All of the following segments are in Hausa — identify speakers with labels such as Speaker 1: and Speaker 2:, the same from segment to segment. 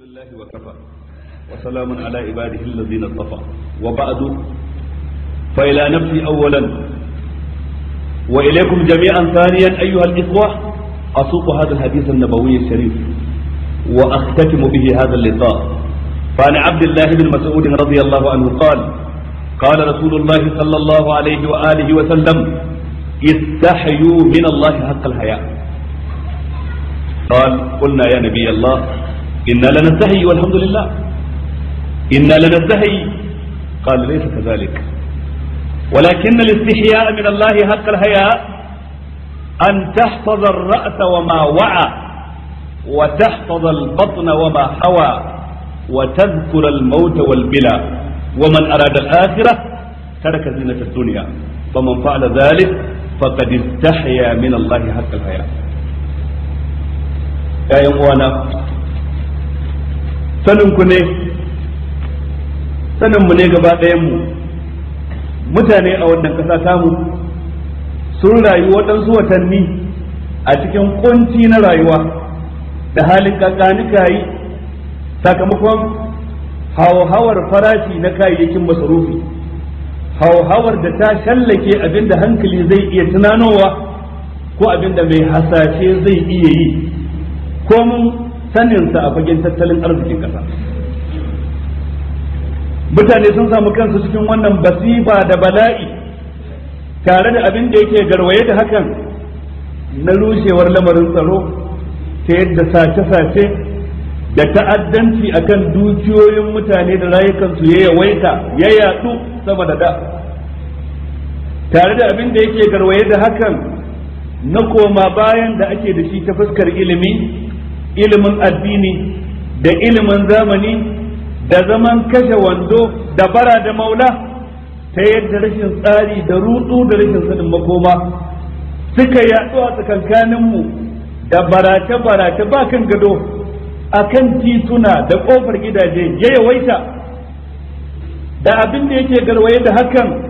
Speaker 1: الحمد لله وكفى وسلام على عباده الذين اصطفى وبعد فإلى نفسي أولا وإليكم جميعا ثانيا أيها الإخوة أسوق هذا الحديث النبوي الشريف وأختتم به هذا اللقاء فعن عبد الله بن مسعود رضي الله عنه قال قال رسول الله صلى الله عليه وآله وسلم استحيوا من الله حق الحياة قال قلنا يا نبي الله إنا لننتهي والحمد لله إنا لننتهي قال ليس كذلك ولكن الاستحياء من الله حق الحياء أن تحفظ الرأس وما وعى وتحفظ البطن وما حوى وتذكر الموت والبلى ومن أراد الآخرة ترك زينة الدنيا فمن فعل ذلك فقد استحيا من الله حق الحياء يا يوم Saninku ne sanin mu ne gaba ɗayan mutane a wannan ƙasa tamu sun rayu waɗansu watanni a cikin ƙunci na rayuwa da halin kakanika yi sakamakon hauhawar farashi na kayayyakin masarufi hauhawar da ta shallake abinda hankali zai iya tunanowa ko abinda mai hasashe zai iya yi ko mun sanin sa a fagen tattalin arzikin kasa mutane sun samu kansu cikin wannan basiba da bala'i tare da abin da yake garwaye da hakan na rushewar lamarin tsaro ta yadda sace-sace da ta'addanci akan dukiyoyin mutane da rayukansu ya yawaita ya yadu sama da da tare da abin da yake garwaye da hakan na koma bayan da ake da shi ta fuskar ilimi ilimin addini da ilimin zamani da zaman kashe wando da bara da maula ta yadda rashin tsari da rutu da rashin sanin makoma suka yaɗu a tsakankaninmu da barace-barace ba kan gado a kan tituna da ƙofar gidaje ya yawaita da abin da yake garwaye da hakan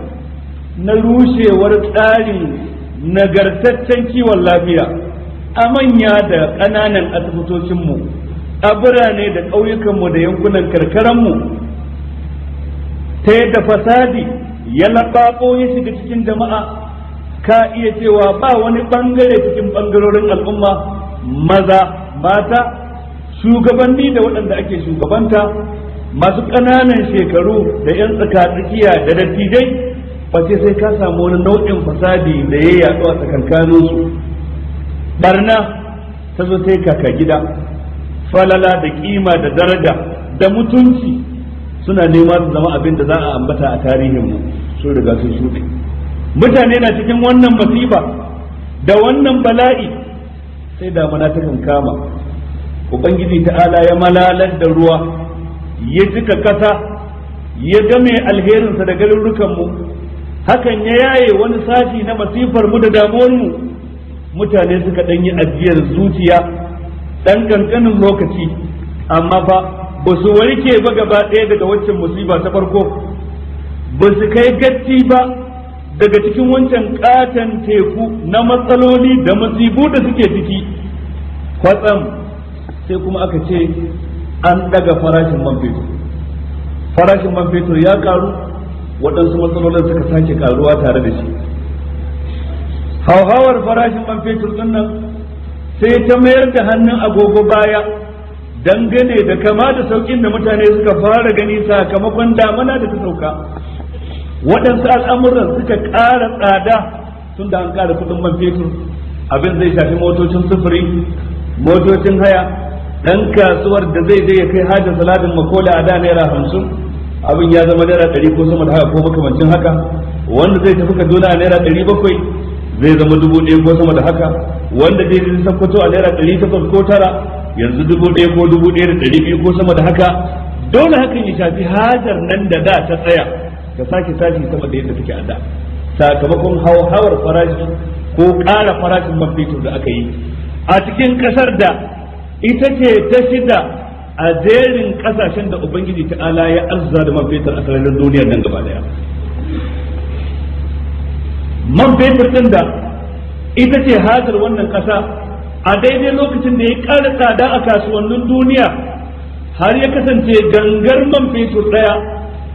Speaker 1: na rushewar tsarin nagartaccen kiwon lafiya a manya da ƙananan asibitocinmu a birane da ƙauyukanmu da yankunan karkaranmu ta yadda fasadi ya laɓaɓo ya shiga cikin jama'a ka iya cewa ba wani ɓangare cikin ɓangarorin al'umma maza mata shugabanni da waɗanda ake shugabanta masu ƙananan shekaru da 'yan tsakatsakiya da dattijai face sai ka samu wani nau'in fasadi da ya yaɗu a tsakankaninsu barna ta zo ta kaka gida falala da kima da daraja da mutunci suna nema su zama abin da za a ambata a tarihin mu sun riga sun shuɗe mutane na cikin wannan masifa da wannan bala'i sai damana ta kama ubangiji ta'ala ya malalar da ruwa ya jika ƙasa, ya game alherinsa da garurukan mu hakan ya yaye wani sashi na masifar mu da damuwarmu. mutane suka ɗan yi ajiyar zuciya ɗan ƙanƙanin lokaci amma fa ba su warke ba gaba ɗaya daga waccan musiba ta farko ba su kai gatti ba daga cikin wancan ƙaton teku na matsaloli da masibu da suke ciki kwatsam sai kuma aka ce an ɗaga farashin man fetur farashin man fetur ya ƙaru, waɗansu matsalolin suka sake ƙaruwa tare da shi hauhawar farashin man fetur din nan sai ta mayar da hannun agogo baya dangane da kama da saukin da mutane suka fara gani sakamakon damana da ta sauka waɗansu al'amuran suka ƙara tsada tun da an ƙara kuɗin man fetur abin zai shafi motocin sufuri motocin haya ɗan kasuwar da zai je ya kai hajjin saladin makola a da naira hamsin abin ya zama naira ɗari ko sama da haka ko makamancin haka wanda zai tafi kaduna a naira ɗari bakwai zai zama dubu ɗaya ko sama da haka wanda zai zai sakkwato a naira ɗari takwas ko tara yanzu dubu ɗaya ko dubu ɗaya da ɗari biyu ko sama da haka dole hakan ya shafi hajar nan da da ta tsaya ka sake tashi sama da yadda take a da sakamakon hauhawar farashi ko ƙara farashin man da aka yi a cikin ƙasar da ita ce ta shida a jerin ƙasashen da ubangiji ta'ala ya arzuta da man fetur a sararin duniyar nan gaba daya man fetur din da ita ce hazar wannan kasa a daidai lokacin da ya ƙara tsada a kasuwannin duniya har ya kasance gangar man fetur ɗaya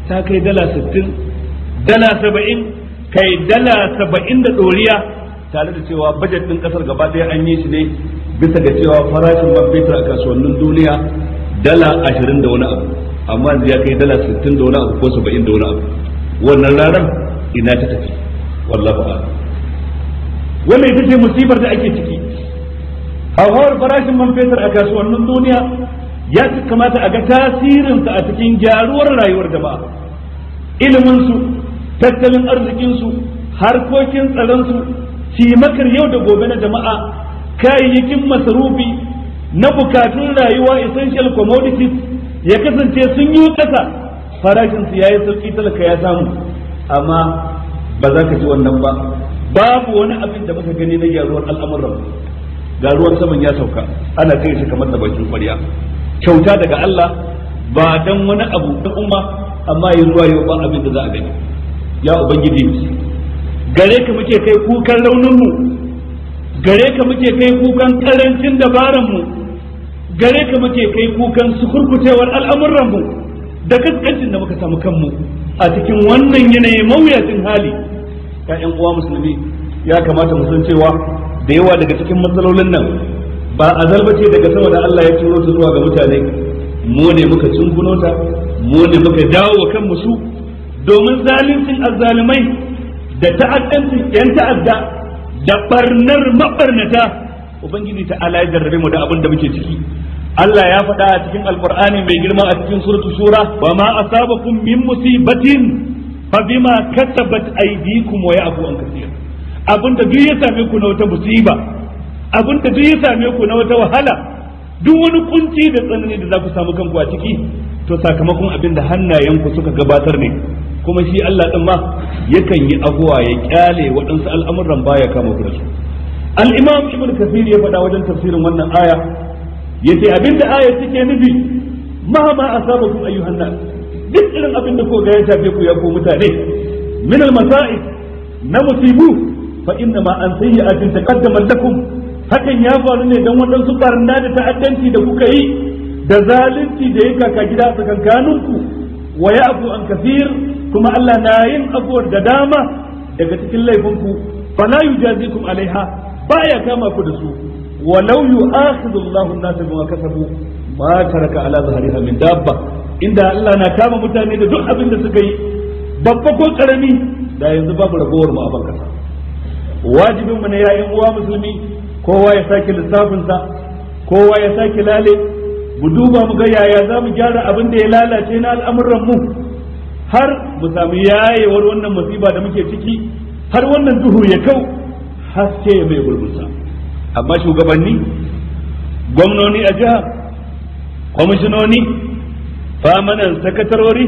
Speaker 1: ta kai dala sittin dala saba'in kai dala saba'in da ɗoriya tare da cewa bajet ɗin ƙasar gaba ɗaya an yi shi ne bisa ga cewa farashin man fetur a kasuwannin duniya dala ashirin da wani abu amma ya kai dala sittin da wani abu ko saba'in da wani abu wannan ranar ina ta tafi wallahu a'lam wannan ita ce musibar da ake ciki hawar farashin man fetur a kasuwannin duniya ya kamata a ga tasirinsa a cikin gyaruwar rayuwar jama'a iliminsu tattalin arzikinsu harkokin tsaron tsaronsu cimakar yau da gobe na jama'a kayayyakin masarufi na bukatun rayuwa essential commodities ya kasance sun yi ƙasa farashinsu ya yi sauƙi talaka ya samu amma ba za ka ji wannan ba babu wani abin da muka gani na gyaruwar al'amuran ga ruwan saman ya sauka ana kai shi kamar da bakin kwarya kyauta daga Allah ba dan wani abu da umma amma yin ruwa yau ba abin da za a gani ya ubangiji gare ka muke kai kukan raunin mu gare ka muke kai kukan karancin dabaran mu gare ka muke kai kukan sukurkutewar al'amuran mu da kaskancin da muka samu kanmu a cikin wannan yanayi mawuyacin hali Yayan uwa musulmi ya kamata mu san cewa da yawa daga cikin matsalolin nan ba a ce daga sama da Allah ya turo ta zuwa ga mutane mu ne muka cin ta mu ne muka dawo wa kanmu su domin zaluncin azzalumai da ta'addancin yan ta'adda da barnar mabarnata ubangiji ta ala ya jarrabe mu da abin da muke ciki Allah ya faɗa a cikin alqur'ani mai girma a cikin suratul shura wa ma asabakum min musibatin fa bima katabat aydikum wa ya'bu an kaseer abinda duk ya same ku na wata musiba abinda duk ya same ku na wata wahala duk wani kunci da tsanani da za ku samu kanku a ciki to sakamakon abinda hannayenku suka gabatar ne kuma shi Allah din ma yakan yi abuwa ya kyale waɗansu al'amuran baya kama ku da su al-imam ibn kathir ya faɗa wajen tafsirin wannan aya yace abinda aya take nufi mahama asabakum ayyuhan nas duk irin abin da ko ya shafe ku ya ko mutane min al na musibu fa inna ma an sayyi'atin taqaddama lakum hakan ya faru ne dan wadansu barna da ta'addanci da kuka yi da zalunci da ya kaka gida tsakankaninku wa ya'fu an kafir kuma Allah na yin abuwar da dama daga cikin laifinku fala yujazikum alaiha baya kama ku da su walau yu'akhidullahu an-nasa bima kasabu ma taraka ala zahriha min dabba inda Allah na kama mutane da duk abin da suka yi babba ko karami da yanzu babu rabuwar mu a ban kasa wajibin mu ne yayin uwa musulmi kowa ya sake lissafin sa kowa ya sake lale mu duba mu ga yaya za mu gyara abin da ya lalace na al'amuran mu har mu samu yayewar wannan musiba da muke ciki har wannan duhu ya kau haske ya mai gurgusa amma shugabanni gwamnoni a jiha kwamishinoni famanan sakatarori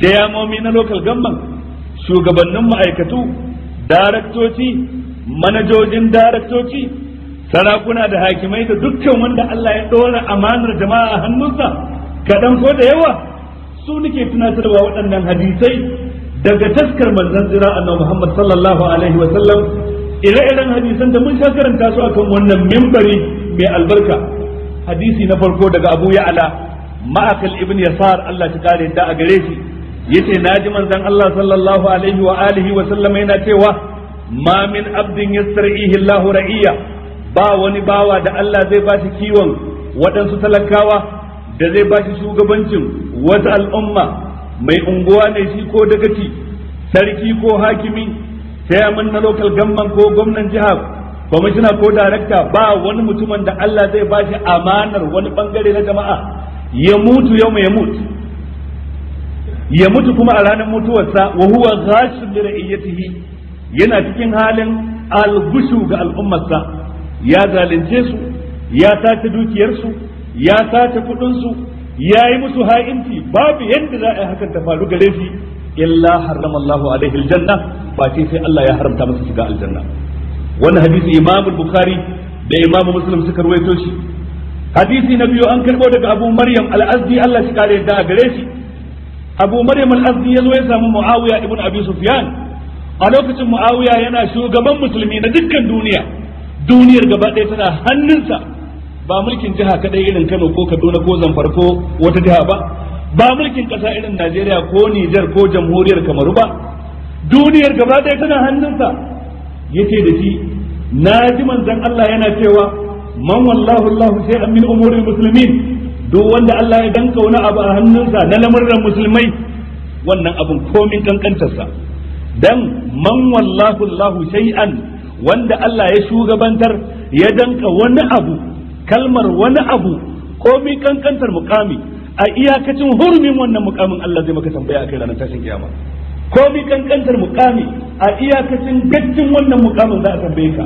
Speaker 1: ciyamomi na local government shugabannin ma'aikatu daraktoci manajojin daraktoci sarakuna da hakimai da dukkan wanda Allah ya ɗora amanar jama'a a hannunsa kaɗan ko da yawa su nake tunatarwa waɗannan hadisai daga taskar manzon tsira annabi Muhammad sallallahu alaihi wa sallam ire-iren hadisan da mun sha karanta su akan wannan mimbari mai albarka hadisi na farko daga Abu Ya'la ma'akal ibn yasar Allah ta kare da a gare shi yace ji manzon Allah sallallahu alaihi wa alihi wa sallama yana cewa ma min abdin yasrihi Allahu ra'iya ba wani bawa da Allah zai ba shi kiwon waɗansu talakawa da zai ba shi shugabancin wata al'umma mai unguwa ne shi ko dagaci sarki ko hakimi mun na local gamman ko gwamnan jiha kwamishina ko darakta ba wani mutumin da Allah zai ba shi amanar wani bangare na jama'a ya mutu yau ya mutu ya mutu kuma a ranar mutuwarsa wa huwa ghashin li ra'iyatihi yana cikin halin algushu ga al'ummarsa ya zalunce su ya tace dukiyarsu ya sace kudinsu ya yi musu ha'inci babu yadda za a yi hakan ta faru gare shi illa harrama Allahu alaihi aljanna ba ce sai Allah ya haramta masa shiga aljanna wannan hadisi Imam Bukhari da Imam Muslim suka rawaito shi hadisi na biyu an karbo daga abu maryam al-azdi Allah shi kare da gare shi abu maryam al-azdi ya zo ya samu muawiya ibn abi sufyan a lokacin muawiya yana shugaban musulmi na dukkan duniya duniyar gaba ɗaya tana hannunsa ba mulkin jiha kadai irin Kano ko Kaduna ko Zamfara ko wata jiha ba ba mulkin ƙasa irin Najeriya ko Nijar ko jamhuriyar Kamaru ba duniyar gaba ɗaya tana hannunsa yace da shi na ji manzon Allah yana cewa man wallahu Allah shay'an min umuri muslimin duk wanda Allah ya danka wani abu a hannunsa na lamarin musulmai wannan abun komin kankantarsa dan man wallahu Allah shay'an wanda Allah ya shugabantar ya danka wani abu kalmar wani abu komin kankantar mukami a iyakacin hurumin wannan mukamin Allah zai maka tambaya akai ranar tashin kiyama komin kankantar mukami a iyakacin gaccin wannan mukamin za a tambaye ka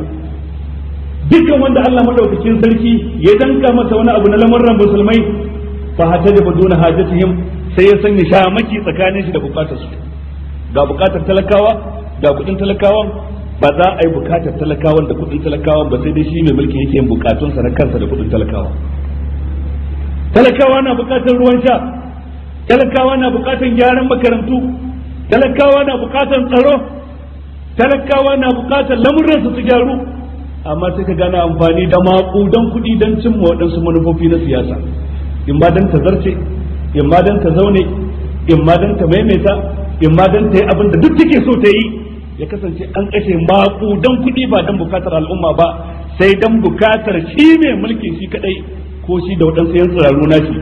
Speaker 1: dukkan wanda Allah madaukakin sarki ya danka masa wani abu na lamarran musulmai fa da duna hajatihim sai ya sanya shamaki tsakanin shi da bukatar su ga bukatar talakawa ga kudin talakawan ba za a yi bukatar talakawan da kudin talakawan ba sai dai shi mai mulki yake yin sa na kansa da kudin talakawa talakawa na bukatar ruwan sha talakawa na bukatar gyaran makarantu talakawa na bukatar tsaro talakawa na bukatar lamuransu su gyaru amma sai ka gane amfani da maƙudan kuɗi don cimma waɗansu manufofi na siyasa in ma don ta zarce in ma don ta zaune in ma don ta maimaita in ma don ta yi abin da duk take so ta yi ya kasance an kashe maƙudan kuɗi ba don buƙatar al'umma ba sai don buƙatar shi mai mulki shi kaɗai, ko shi da waɗansu yan tsirarru na shi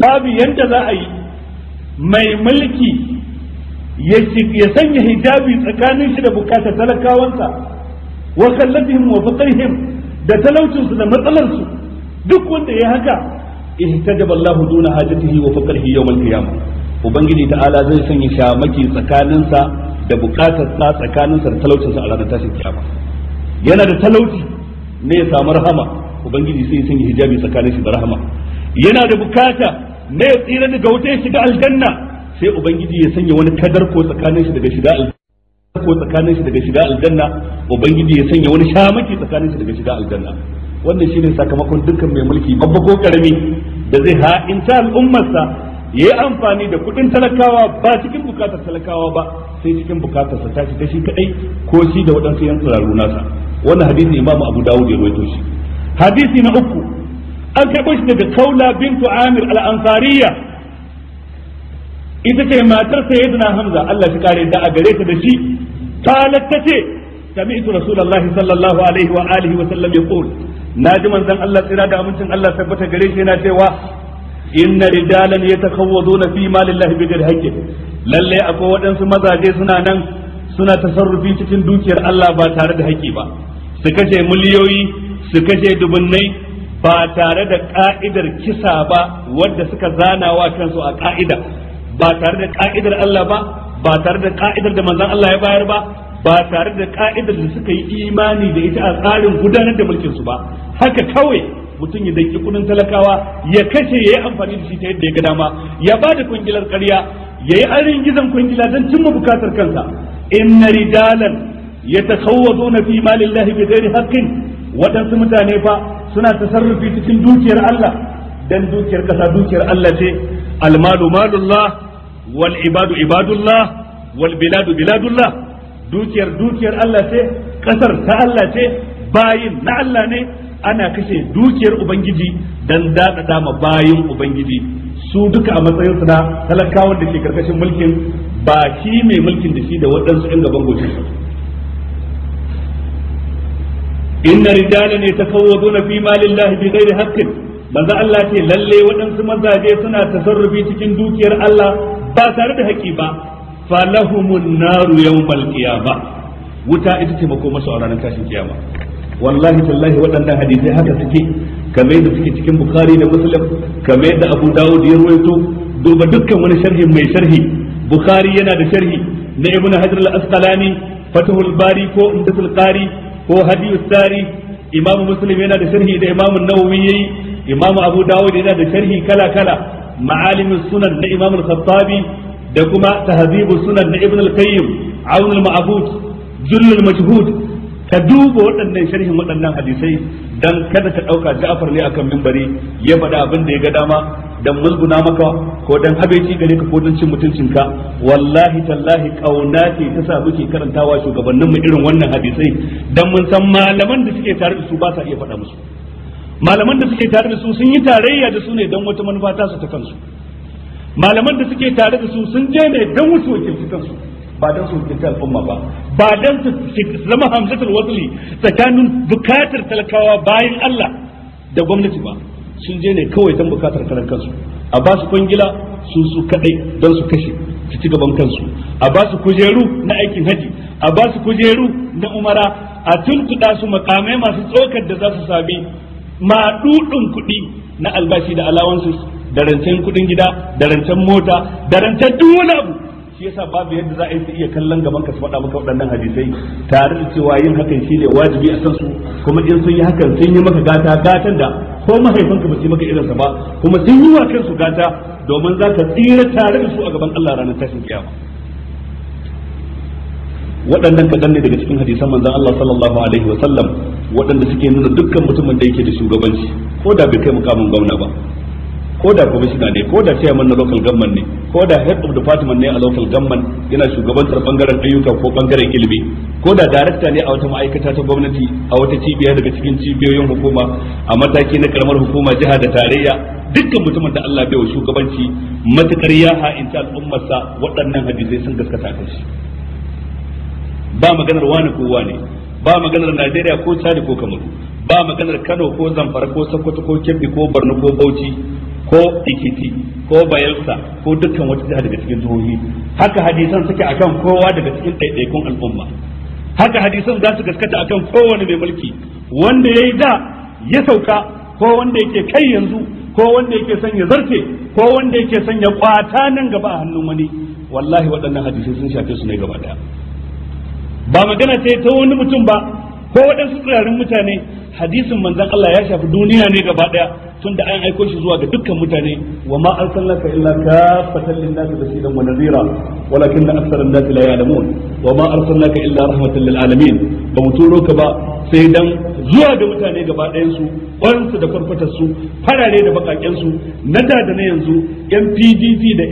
Speaker 1: babu yadda za a yi mai mulki ya sanya hijabi tsakanin shi da buƙatar talakawansa wa kallatihim wa faqrihim da talaucinsu da matsalarsu duk wanda ya haka ihtajaba Allah duna hajatihi wa faqrihi yawm al-qiyamah ubangiji ta'ala zai sanya shamaki tsakaninsa da bukatar sa tsakaninsa da talaucinsa a ranar tashin kiyama yana da talauci ne ya samu rahama ubangiji sai ya sanya hijabi tsakanin shi da rahama yana da bukata ne ya tsira daga wuta ya shiga aljanna sai ubangiji ya sanya wani kadar ko tsakanin shi daga shiga aljanna ko tsakanin shi daga shiga aljanna ubangiji ya sanya wani shamaki tsakanin shi daga shiga aljanna wannan shine sakamakon dukkan mai mulki babba ko karami da zai ha in ta al'ummarsa yayi amfani da kudin talakawa ba cikin bukatar talakawa ba sai cikin bukatar sa tashi ta shi kadai ko shi da waɗansu yan tsiraru nasa wannan hadisi imamu abu dawud ya rawaito shi hadisi na uku an karɓo shi daga kaula bintu amir al-ansariya ita ce matar na hamza Allah shi kare da a gare ta da shi ta ce sami'tu rasulullahi sallallahu alaihi wa alihi wa sallam yaqul naji manzon Allah tsira da amincin Allah tabbata gare shi yana cewa inna ridalan yatakhawaduna fi malillahi bighayri haqqin lalle akwai waɗansu mazaje suna nan suna tasarrufi cikin dukiyar Allah ba tare da haƙƙi ba su kashe miliyoyi su kashe dubunnai ba tare da ka'idar kisa ba wadda suka zana wa kansu a ka'ida ba tare da ka'idar Allah ba ba tare da ka'idar da manzon Allah ya bayar ba ba tare da ka'idar da suka yi imani da ita a tsarin gudanar da mulkin su ba haka kawai mutum ya daki kudin talakawa ya kashe ya yi amfani da shi ta yadda ya ga dama ya ba da kungilar ƙarya ya yi arin gizon kungila don cimma bukatar kansa inna rijalan yatakhawwaduna fi malillahi bighairi haqqin Waɗansu mutane fa suna tasarrufi cikin dukiyar Allah dan dukiyar kasa dukiyar Allah ce almalu malullah wal ibadu ibadullah wal biladu biladullah dukiyar dukiyar Allah ce kasar ta Allah ce bayin na Allah ne ana kashe dukiyar ubangiji dan dadada ma bayin ubangiji su duka a matsayinsu na talakawan da ke karkashin mulkin ba shi mai mulkin da shi da waɗansu ɗan gaban gocin su inna rijalan yatakawwaduna fi malillahi bi da haqqin manzo Allah ce lalle waɗansu mazaje suna tasarrufi cikin dukiyar Allah ba tare da haƙi ba falahumun naru yawmal qiyama wuta ita ce mako masu a ranar tashin kiyama wallahi tallahi waɗannan hadisai haka suke kamar da suke cikin bukhari da muslim kamar da abu dawud ya rawaito duba dukkan wani sharhi mai sharhi bukhari yana da sharhi na ibnu hajar al-asqalani fatahul bari ko umdatul qari ko hadiyus Tari. imam muslim yana da sharhi da imam nawawi yayi imam abu dawud yana da sharhi kala kala ma'alimus sunan na imam al-khattabi da kuma tahdhibus sunan na ibn al-qayyim aun al-ma'bud jull al-majhud ka duba waɗannan sharhin waɗannan hadisai dan kada ka dauka Ja'far ne akan mimbari ya bada abin da ya ga dama dan mulguna maka ko dan habeci gare ka ko dan cin mutuncin ka wallahi tallahi kauna ce ta sa muke karantawa shugabannin mu irin wannan hadisai dan mun san malaman da suke tare da su ba sa iya faɗa musu malaman da suke tare da su sun yi tarayya da su ne dan wata manufa ta su ta kansu malaman da suke tare da su sun je ne dan wasu wakilci kansu ba don su kinta al'umma ba ba don su zama hamzatul wasli tsakanin bukatar talakawa bayan Allah da gwamnati ba sun je ne kawai don bukatar karan kansu a ba su kwangila su su kadai don su kashe su ci gaban kansu a ba su kujeru na aikin haji a ba su kujeru na umara a tuntuɗa su makamai masu tsokar da za su sami maɗuɗin kuɗi na albashi da alawansu da rancen kuɗin gida da rancen mota da rancen duk wani abu shi yasa babu yadda za a yi su iya kallon gaban ka su faɗa maka waɗannan hadisai tare da cewa yin hakan shi ne wajibi a su kuma in sun yi hakan sun yi maka gata gatan da ko mahaifinka ba su yi maka irinsa ba kuma sun yi wa kansu gata domin za ka tsira tare da su a gaban Allah ranar tashin kiyama waɗannan kaɗan ne daga cikin hadisan manzon Allah sallallahu alaihi wa sallam waɗanda suke nuna dukkan mutumin da yake da shugabanci ko da bai kai mukamin gwamna ba ko da commissioner ne ko da chairman na local government ne ko da head of department ne a local government yana shugabantar bangaren ayyuka ko bangaren ilimi ko da director ne a wata ma'aikata ta gwamnati a wata cibiya daga cikin cibiyoyin hukuma a mataki na karamar hukuma jiha da tarayya dukkan mutumin da Allah bai wa shugabanci matukar ya ha'inta al'ummarsa waɗannan hadisai sun gaskata kan shi ba maganar wani ko wani ba maganar Najeriya ko Chad ko Kamaru ba maganar Kano ko Zamfara ko Sokoto ko Kebbi ko Borno ko Bauchi ko ikiti ko bayelsa ko dukkan wata jiha daga cikin jihohi haka hadisan suke akan kowa daga cikin ɗaiɗaikun al'umma haka hadisan za su gaskata akan kowane mai mulki wanda ya yi da ya sauka ko wanda yake kai yanzu ko wanda yake son ya zarce ko wanda yake son ya kwata nan gaba a hannun wani wallahi waɗannan hadisai sun shafe su ne gaba ɗaya ba magana ce ta wani mutum ba ko waɗansu tsirarin mutane hadisin manzon Allah ya shafi duniya ne gaba ɗaya da an aiko shi zuwa ga dukkan mutane wa ma arsalnaka illa kafatan lin-nas bashiran wa nadhira walakinna aktharan nas la ya'lamun wa ma arsalnaka illa rahmatan lil alamin ba mu turo ka ba sai dan zuwa ga mutane gaba ɗayan su ƙwarinsu da farfatar su farare da bakaken su na da da na yanzu yan PDP da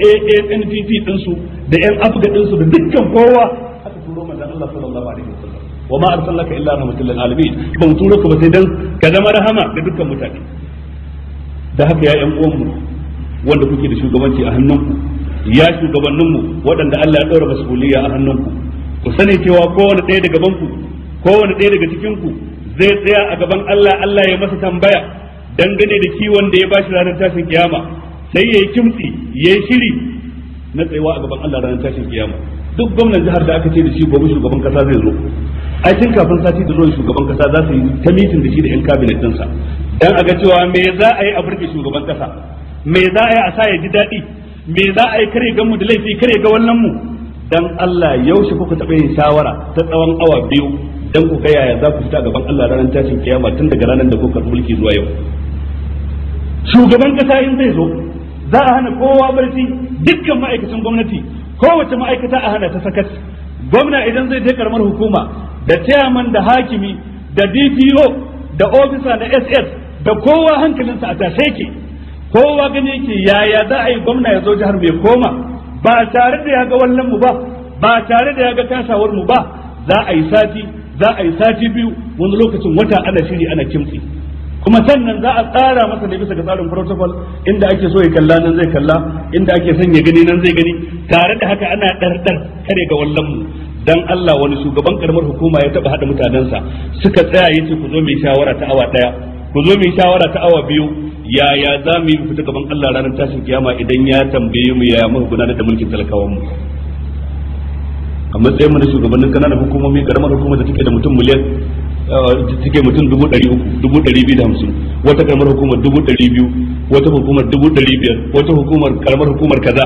Speaker 1: ANPP din su da ƴan Afga din su da dukkan kowa aka turo manzon Allah sallallahu alaihi wasallam wa ma arsalnaka illa rahmatan lil alamin ba mu turo ka ba sai dan ka zama rahama ga dukkan mutane da haka ya yan uwanmu wanda kuke da shugabanci a hannunku ya shugabanninmu waɗanda Allah ya ɗora mas'uliyya a hannunku ku sani cewa kowane ɗaya daga banku kowane ɗaya daga cikinku zai tsaya a gaban Allah Allah ya masa tambaya dangane da kiwon da ya bashi ranar tashin kiyama sai yayi kimtsi yi shiri na tsayawa a gaban Allah ranar tashin kiyama duk gwamnan jihar da aka ce da shi gobe shugaban kasa zai zo ai tun kafin sati da zuwan shugaban kasa za su yi ta mitin da shi da yan kabinet ɗinsa dan aga cewa me za a yi a burge shugaban kasa me za a yi a sa ya ji daɗi me za a yi kare ga mu da laifi kare ga wannan mu dan Allah yaushe kuka taɓa yin shawara ta tsawon awa biyu dan ku kai yaya za ku fita gaban Allah ranar tashin kiyama tun daga ranar da kuka mulki zuwa yau shugaban kasa in zai zo za a hana kowa barci dukkan ma'aikatan gwamnati kowace ma'aikata a hana ta sakat gwamna idan zai je karamar hukuma da chairman da hakimi da DPO da ofisa da SS da kowa hankalinsa a tashe ke kowa gani yake yaya za a yi gwamna ya zo jihar mai koma ba tare da ya ga wallan mu ba ba tare da ya ga kasawar mu ba za a yi sati za a yi sati biyu wani lokacin wata ana shiri ana kimtsi kuma sannan za a tsara masa da bisa ga tsarin protocol inda ake so ya kalla nan zai kalla inda ake son ya gani nan zai gani tare da haka ana ɗarɗar kare ga wallan mu dan Allah wani shugaban karamar hukuma ya taba hada mutanensa suka tsaya yace ku zo mai shawara ta awa daya ku zo mu yi shawara ta awa biyu yaya za mu yi fita gaban Allah ranar tashin kiyama idan ya tambaye mu yaya muka gudanar da mulkin talakawan mu a matsayin mu na shugabannin kananan hukumomi karamar hukumar da take da mutum miliyan uh, take mutum dubu ɗari uku dubu ɗari biyu da hamsin wata karamar hukumar dubu ɗari biyu wata hukumar dubu ɗari biyar wata hukumar karamar hukumar kaza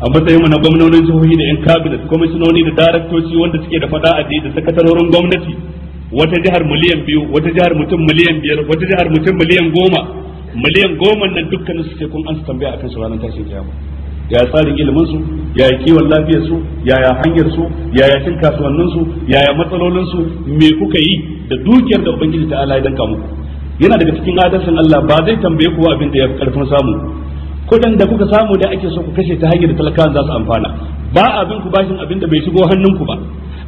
Speaker 1: a matsayin mu na gwamnonin jihohi da yan kabinet kwamishinoni da daraktoci wanda suke da fada a da sakatarorin gwamnati wata jihar miliyan biyu wata jihar mutum miliyan biyar wata jihar mutum miliyan goma miliyan goma nan dukkanin su kun an tambaya akan su ranar tashin kiyama ya tsarin ilimin su ya kiwon lafiyar su yaya hanyar su yaya cin kasuwannin su yaya matsalolin su me kuka yi da dukiyar da ubangiji ta Allah ya danka yana daga cikin adalcin Allah ba zai tambaye ku abin da ya karfin samu kudin da kuka samu da ake so ku kashe ta hanyar talakawan za su amfana ba abin ku bashin abin da bai shigo hannun ku ba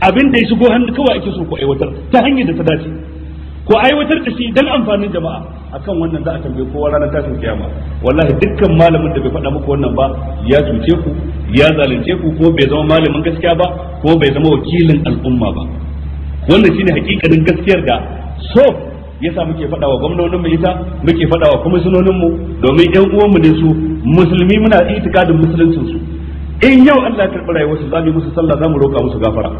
Speaker 1: abin da ya shigo hannu kawai ake so ku aiwatar ta hanyar da ta dace ku aiwatar da shi dan amfanin jama'a akan wannan za a tambaye kowa ranar tashin kiyama wallahi dukkan malamin da bai faɗa muku wannan ba ya cuce ku ya zalunce ku ko bai zama malamin gaskiya ba ko bai zama wakilin al'umma ba wannan shine hakikanin gaskiyar da so yasa muke faɗawa wa gwamnonin mu ita muke faɗawa wa sunonin mu domin ƴan uwanmu ne su musulmi muna itikadin musuluncin su in yau Allah ya karɓi rayuwarsu za mu yi musu sallah za mu roƙa musu gafara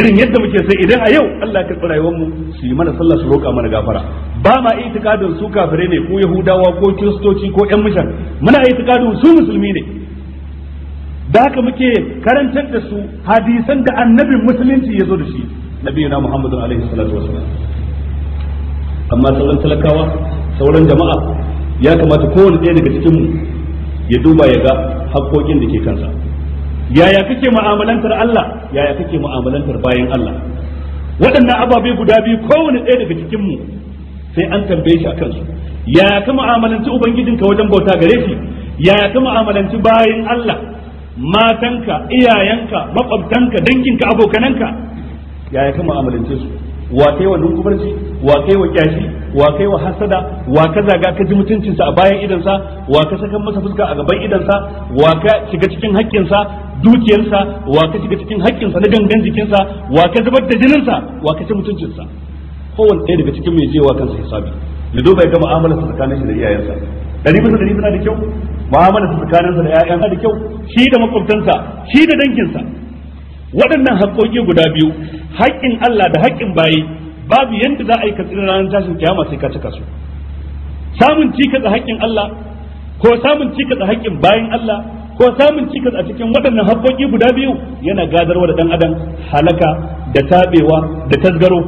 Speaker 1: irin yadda muke sai idan a yau Allah ya karɓi rayuwar mu su yi mana sallah su roƙa mana gafara ba ma itikadin su kafirai ne ko yahudawa ko kiristoci ko yan mishan muna itikadin su musulmi ne da haka muke karantar da su hadisan da annabin musulunci ya zo da shi nabiyina muhammadun alaihi salatu wasallam amma sauran talakawa sauran jama'a ya kamata kowane ɗaya daga cikinmu ya duba ya ga haƙƙoƙin da ke kansa yaya kake mu'amalantar Allah yaya kake mu'amalantar bayan Allah waɗannan ababe guda biyu kowane ɗaya daga cikin mu sai an tambaye shi akan su yaya ka mu'amalanci ubangijinka wajen bauta gare shi yaya ka mu'amalanci bayan Allah matanka iyayenka makwabtanka danginka abokananka yaya ka mu'amalance su wa kai wannan kubarci wa kai wa kyashi wa kai wa hasada wa ka zaga ka ji mutuncinsa a bayan sa wa ka sakan masa fuska a gaban sa wa ka shiga cikin haƙƙinsa sa wa ka shiga cikin haƙƙinsa na gangan jikinsa wa ka zubar da jininsa wa ka ci mutuncinsa kowanne ɗaya daga cikin mai jewa kansa hisabi da duba ya ga sa tsakanin shi da iyayensa dari bisa dari bisa da kyau sa su tsakaninsa da ƴaƴansa da kyau shi da makwabtansa shi da sa waɗannan haƙƙoƙi guda biyu haƙƙin Allah da haƙƙin bayi babu yadda za a yi katsina ranar tashin kiyama sai ka cika su samun cikas a haƙƙin Allah ko samun cikas a haƙƙin bayan Allah ko samun cikas a cikin waɗannan haƙƙoƙi guda biyu yana gadarwa da ɗan adam halaka da taɓewa, da tasgaro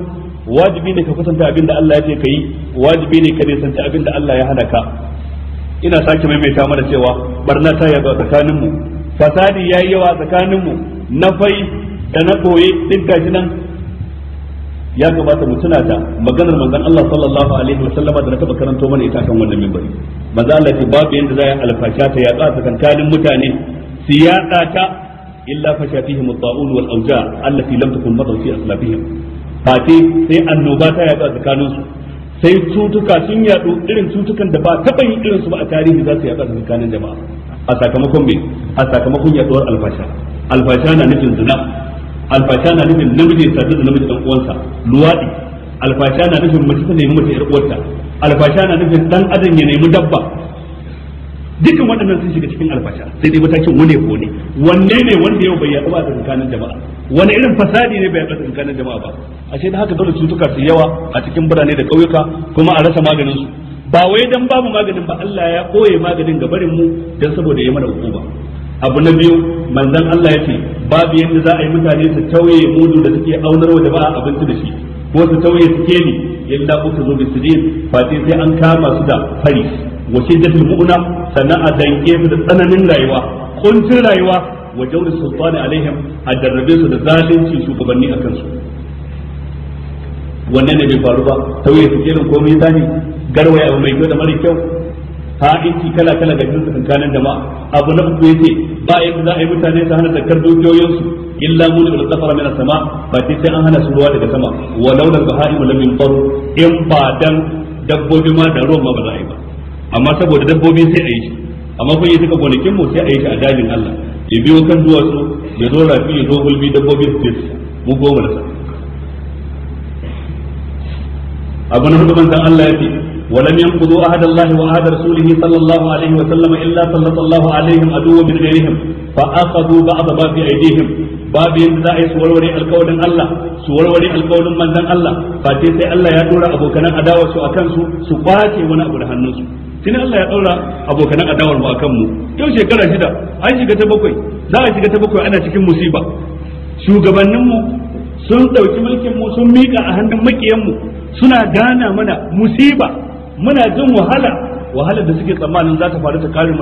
Speaker 1: wajibi ne ka kusanta abin da Allah ya ce ka yi wajibi ne ka nisanci abin da Allah ya hana ka ina sake maimaita mana cewa barna ta tsakanin tsakaninmu fasadi yayi yawa tsakaninmu fai da na koye duk gashi nan ya kamata mu tuna ta maganar manzon Allah sallallahu alaihi wa sallama da na taba karanto mana ita kan wannan minbari manzo Allah ce babu yanda za ya alfasha ta ya tsaka tsakanin mutane siyasa ta illa fasha fihi mutaun wal awja allati lam takun madar fi aslafihim fati sai annoba ta ya tsaka tsakanin su sai cutuka sun yadu irin cutukan da ba taba yin irin su ba a tarihi za su yaɗa tsakanin jama'a a sakamakon me a sakamakon yaduwar alfasha alfasha na nufin zina alfasha na nufin namiji ya sadu da namiji dan uwansa luwadi alfasha na nufin mace ta nemi mace yar uwarta alfasha na nufin dan adam ya nemi dabba dukkan waɗannan sun shiga cikin alfasha sai dai matakin wane ko ne wanne ne wanda yau bai yaɗu a tsakanin jama'a wani irin fasadi ne bai yaɗu a tsakanin jama'a ba ashe da haka dole cutuka su yawa a cikin birane da ƙauyuka kuma a rasa maganin su ba wai dan babu maganin ba Allah ya koye maganin ga barin mu dan saboda ya mana ba. abu na biyu manzon Allah ya ce babu yadda za a yi mutane su tauye mudu da suke aunar wa jama'a abinci da shi ko su tauye su keli illa su zo bi sidin fati sai an kama su da fari da su mu'una sannan a danke su da tsananin rayuwa kuncin rayuwa wa jawri sultani alaihim a darrabe su da zalunci shugabanni akan su wannan ne bai faru ba tauye su kelin komai zani garwaya mai kyau da mara kyau ha'inci kala kala ga jinsu kankanin jama'a abu na uku yace ba yadda za a yi mutane su hana zakar dukiyoyinsu illa mun bil zafara min sama ba sai an hana su ruwa daga sama walau da bahaimu lam yunfaru in ba dan dabbobi ma da ruwa ma ba za a yi ba amma saboda dabbobi sai a yi shi amma kun yi duka gonakin mu sai a yi shi a dajin Allah ya biyo kan duwatsu ya zo rafi ya zo gulbi dabbobi su mu goma da sa abu na hudu manzan Allah ya ce ولم ينقضوا عهد الله وعهد رسوله صلى الله عليه وسلم الا سلط الله عليهم عدوا من غيرهم فاخذوا بعض ما في ايديهم babu yadda za a yi su warware alkawarin Allah su warware alkawarin manzon Allah face sai Allah ya dora abokanan adawar su akan su su kwace wani abu da hannunsu tuni Allah ya daura abokanan adawar mu akan mu yau shekara shida an shiga ta bakwai za a shiga ta bakwai ana cikin musiba shugabanninmu sun ɗauki mulkin mu sun mika a hannun makiyan mu suna gana mana musiba muna jin wahala wahala da suke tsammanin za ta faru ta kare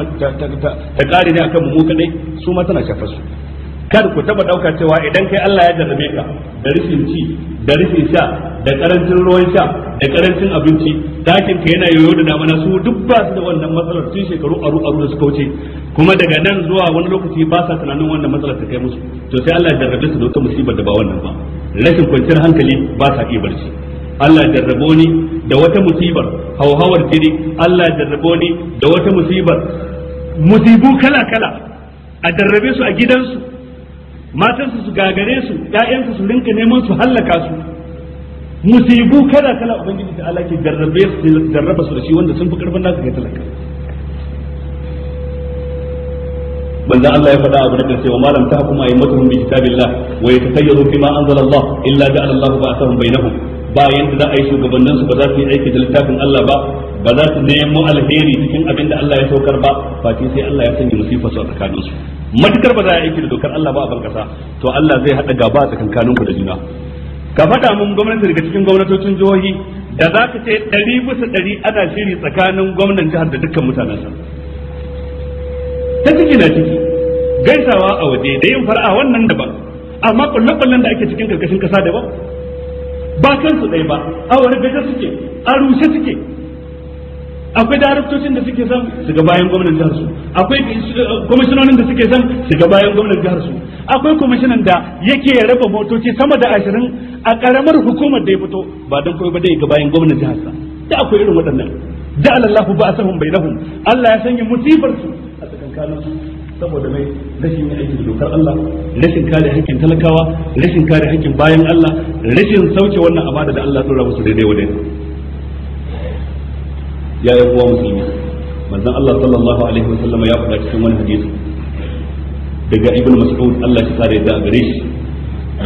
Speaker 1: ta kare ne akan mu kadai su ma tana shafar su kar ku taba dauka cewa idan kai Allah ya jarrabe ka da rishin ci da rishin sha da karancin ruwan sha da karancin abinci dakin ka yana yoyo da damana su duk ba su da wannan matsalar tun shekaru aru aru da suka wuce kuma daga nan zuwa wani lokaci ba sa tunanin wannan matsalar ta kai musu to sai Allah ya jarrabe su da wata musibar da ba wannan ba rashin kwanciyar hankali ba sa iya barci Allah ya jarrabo ni da wata musibar hauhawar jini Allah ya jarrabo ni da wata musibar musibu kala kala a jarrabe su a gidansu matansu su gagare su ya'yansu su rinka neman su hallaka su musibu kala kala ubangiji da Allah ke jarrabe su jarraba su da shi wanda sun fi karfin nasu ga talaka manzo Allah ya faɗa abu na karshe wa malam ta kuma tahkum aymatuhum bi kitabillah wa ya yatakayyaru fima anzala Allah illa ja'ala Allah ba'athahum bainahum ba yanda za a yi shugabannin su ba za su yi aiki da littafin Allah ba ba za su nemo alheri cikin abin da Allah ya saukar ba face sai Allah ya sanya musifa su a tsakanin su matukar ba za a yi aiki da dokar Allah ba a barkasa to Allah zai hada gaba a tsakankanin ku da juna ka fada mun gwamnati daga cikin gwamnatocin jihohi da za ka ce ɗari bisa ɗari ana shiri tsakanin gwamnan jihar da dukkan mutanen sa. ta ciki na ciki gaisawa a waje da yin fara'a wannan daban amma kullum da ake cikin karkashin kasa daban ba kansu ɗaya ba a wani gaje suke a rushe suke akwai daraktocin da suke zan su ga bayan gwamnan jihar su akwai kwamishinonin da suke zan su ga bayan gwamnan jihar su akwai kwamishinan da yake raba motoci sama da ashirin a karamar hukumar da ya fito ba don kawai ba dai ga bayan gwamnan jihar sa da akwai irin waɗannan da alallahu ba a asahum bainahum Allah ya sanya musibar su a tsakankanin su saboda mai rashin yin aiki da dokar Allah rashin kare hakkin talakawa rashin kare hakkin bayan Allah rashin sauke wannan abada da Allah tsora musu daidai wadai ya yi uwa musulmi manzon Allah sallallahu alaihi wa wasallam ya faɗa cikin wani hadisi daga ibn mas'ud Allah ya kare da gare shi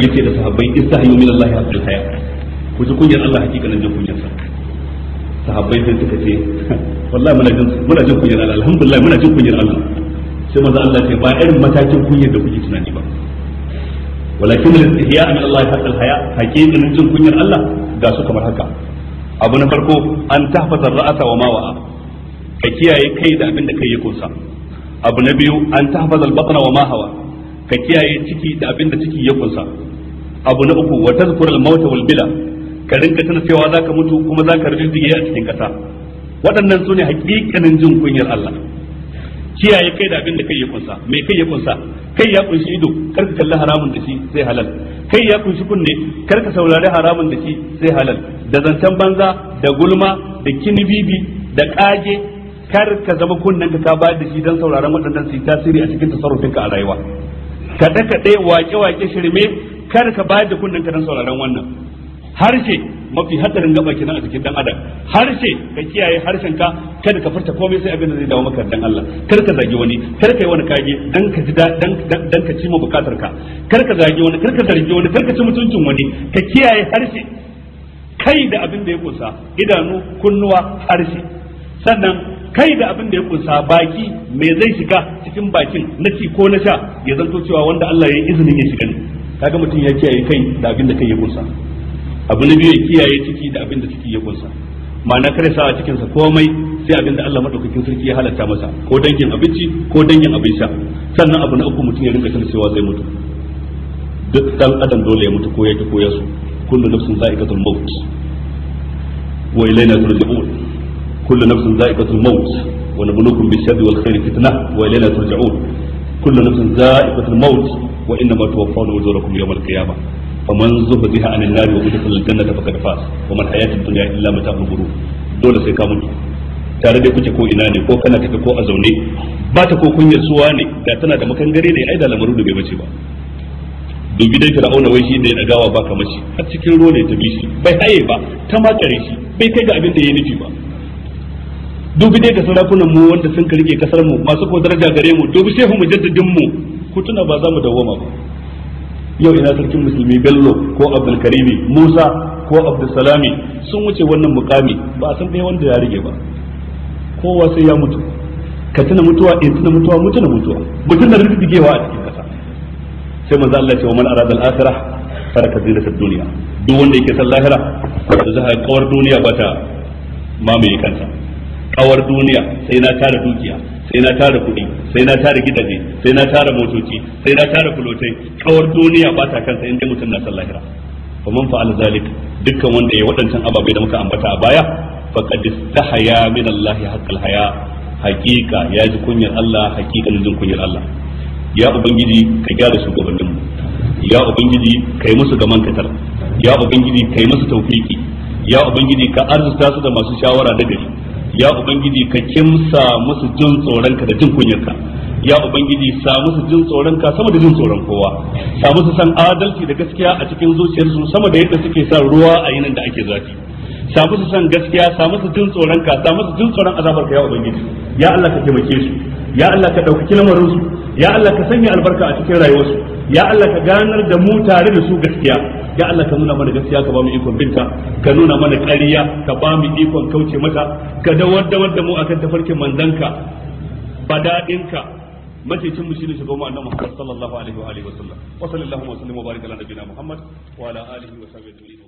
Speaker 1: yace da sahabbai istahyu min Allah haqqul haya ku ji kunyar Allah hakikanin jin kunyar sa sahabbai sai suka ce wallahi muna jin muna jin kunyar Allah alhamdulillah muna jin kunyar Allah sai manzo Allah ce ba irin matakin kunyar da kuke tunani ba walakin al-istihya min Allah haqqal haya haqiqatan jin kunyar Allah ga su kamar haka abu na farko an tahfaza ra'asa wa ma ka kiyaye kai da abin da kai ya kunsa abu na biyu an tahfaza al-batna wa ma hawa ka kiyaye ciki da abin da ciki ya kunsa abu na uku wa tazkura al-maut wal bila ka rinka tana cewa zaka mutu kuma zaka rijige a cikin kasa waɗannan sune haƙiƙanin jin kunyar Allah kiyaye kai da abin da kai ya kunsa mai kai ya kunsa kai ya kunshi ido karka kalli haramun da shi sai halal kai ya kunshi kunne karka saurari haramun da shi sai halal da zancen banza da gulma da kinibibi da kage kar zama kunnen ka bayar da shi don sauraron waɗannan su tasiri a cikin tasarrufinka a rayuwa kaɗe kaɗe wake wake shirme kar ka bayar da kunnen ka don sauraron wannan harshe mafi hadarin gaba kenan a cikin dan adam harshe ka kiyaye harshen ka kada ka furta komai sai abin da zai dawo maka dan Allah kar ka zagi wani kar ka yi wani kage dan ka ji dan dan ka ci mu bukatar ka kar ka zagi wani kar ka zargi wani kar ka ci mutuncin wani ka kiyaye harshe kai da abin da ya kunsa idanu kunnuwa harshe sannan kai da abin da ya kunsa baki me zai shiga cikin bakin na ci ko na sha ya zanto cewa wanda Allah ya yi izinin ya shiga ne kaga mutum ya kiyaye kai da abin da kai ya kunsa abu na biyu ya kiyaye ciki da abin da ciki ya kunsa ma'ana kare sa a cikinsa komai sai abin da Allah madaukakin sarki ya halatta masa ko dangin abinci ko dangin abin sha sannan abu na uku mutum ya rinka sanin zai mutu duk dan adam dole ya mutu ko ya ki ko ya so kullu nafsin za'iqatul maut wa ilayna turja'un kullu nafsin za'iqatul maut wa nabluukum bis-sharri wal khairi fitnah wa ilayna turja'un kullu nafsin za'iqatul maut wa innama tuwaffawna ujurakum yawmal qiyamah faman zuhdiha anil nari wa udkhila aljannata faqad faz wa man hayatud dunya illa mata'ul ghurur dole sai ka mutu tare da kuke ko ina ne ko kana tafi ko a zaune ba ta ko kunyar suwa ne da tana da makangare ne ai da lamarin da bai bace ba dubi dai fir'auna wai shi da ya dagawa ba ka mace, har cikin ruwa ne ta bi shi bai haye ba ta kare shi bai kai ga abin da ya nufi ba dubi dai ga sarakunan mu wanda sun karge kasar mu masu ko daraja gare mu dubi shehu mujaddidin mu ku tuna ba za mu dawoma ba yau ina sarkin musulmi bello ko abdulkarimi musa ko abdulsalami sun wuce wannan mukami ba a san ɗaya wanda ya rage ba kowa sai ya mutu ka tuna mutuwa in eh, tuna mutuwa mutu na mutuwa mutum na rigigewa a cikin kasa sai manzo Allah ya ce wa man arada al-akhirah faraka zinatad dunya duk wanda yake san lahira da za kawar duniya ba ta mamaye kansa kawar duniya sai na tara dukiya sai na tara kuɗi sai na tara gidaje sai na tara motoci sai na tara fulotai kawar duniya ba ta kansa inda mutum na sallah hira fa man fa'ala zalik dukkan wanda ya waɗancan ababai da muka ambata a baya qad istahaya min Allah haqqal haya haqiqa ya ji kunyar Allah hakikan jin kunyar Allah ya ubangiji ka gyara shugabanninmu ya ubangiji kai musu gaman katar ya ubangiji kai musu tawfiki ya ubangiji ka arzuta su da masu shawara da gari ya ubangiji ka kimsa musu jin tsoronka da jin kunyarka ya ubangiji sa musu jin tsoron ka sama da jin tsoron kowa sa musu san adalci da gaskiya a cikin zuciyarsu sama da yadda suke san ruwa a yinin da ake zafi sa musu san gaskiya sa musu jin tsoron ka sa musu jin tsoron azabar ka ya ubangiji ya Allah ka taimake su ya Allah ka dauki lamarin su ya Allah ka sanya albarka a cikin rayuwarsu ya Allah ka ganar da mu tare da su gaskiya ya Allah ka nuna mana gaskiya ka ba mu ikon binta ka nuna mana ƙarya ka ba mu ikon kauce mata ka dawar dawar wadda mu akan tafarkin manzanka bada'inka macicin mu shine shugaban annabi Muhammad sallallahu alaihi wa alihi wa sallam wa sallallahu wa sallam wa baraka ala nabiyina Muhammad wa ala alihi wa sahbihi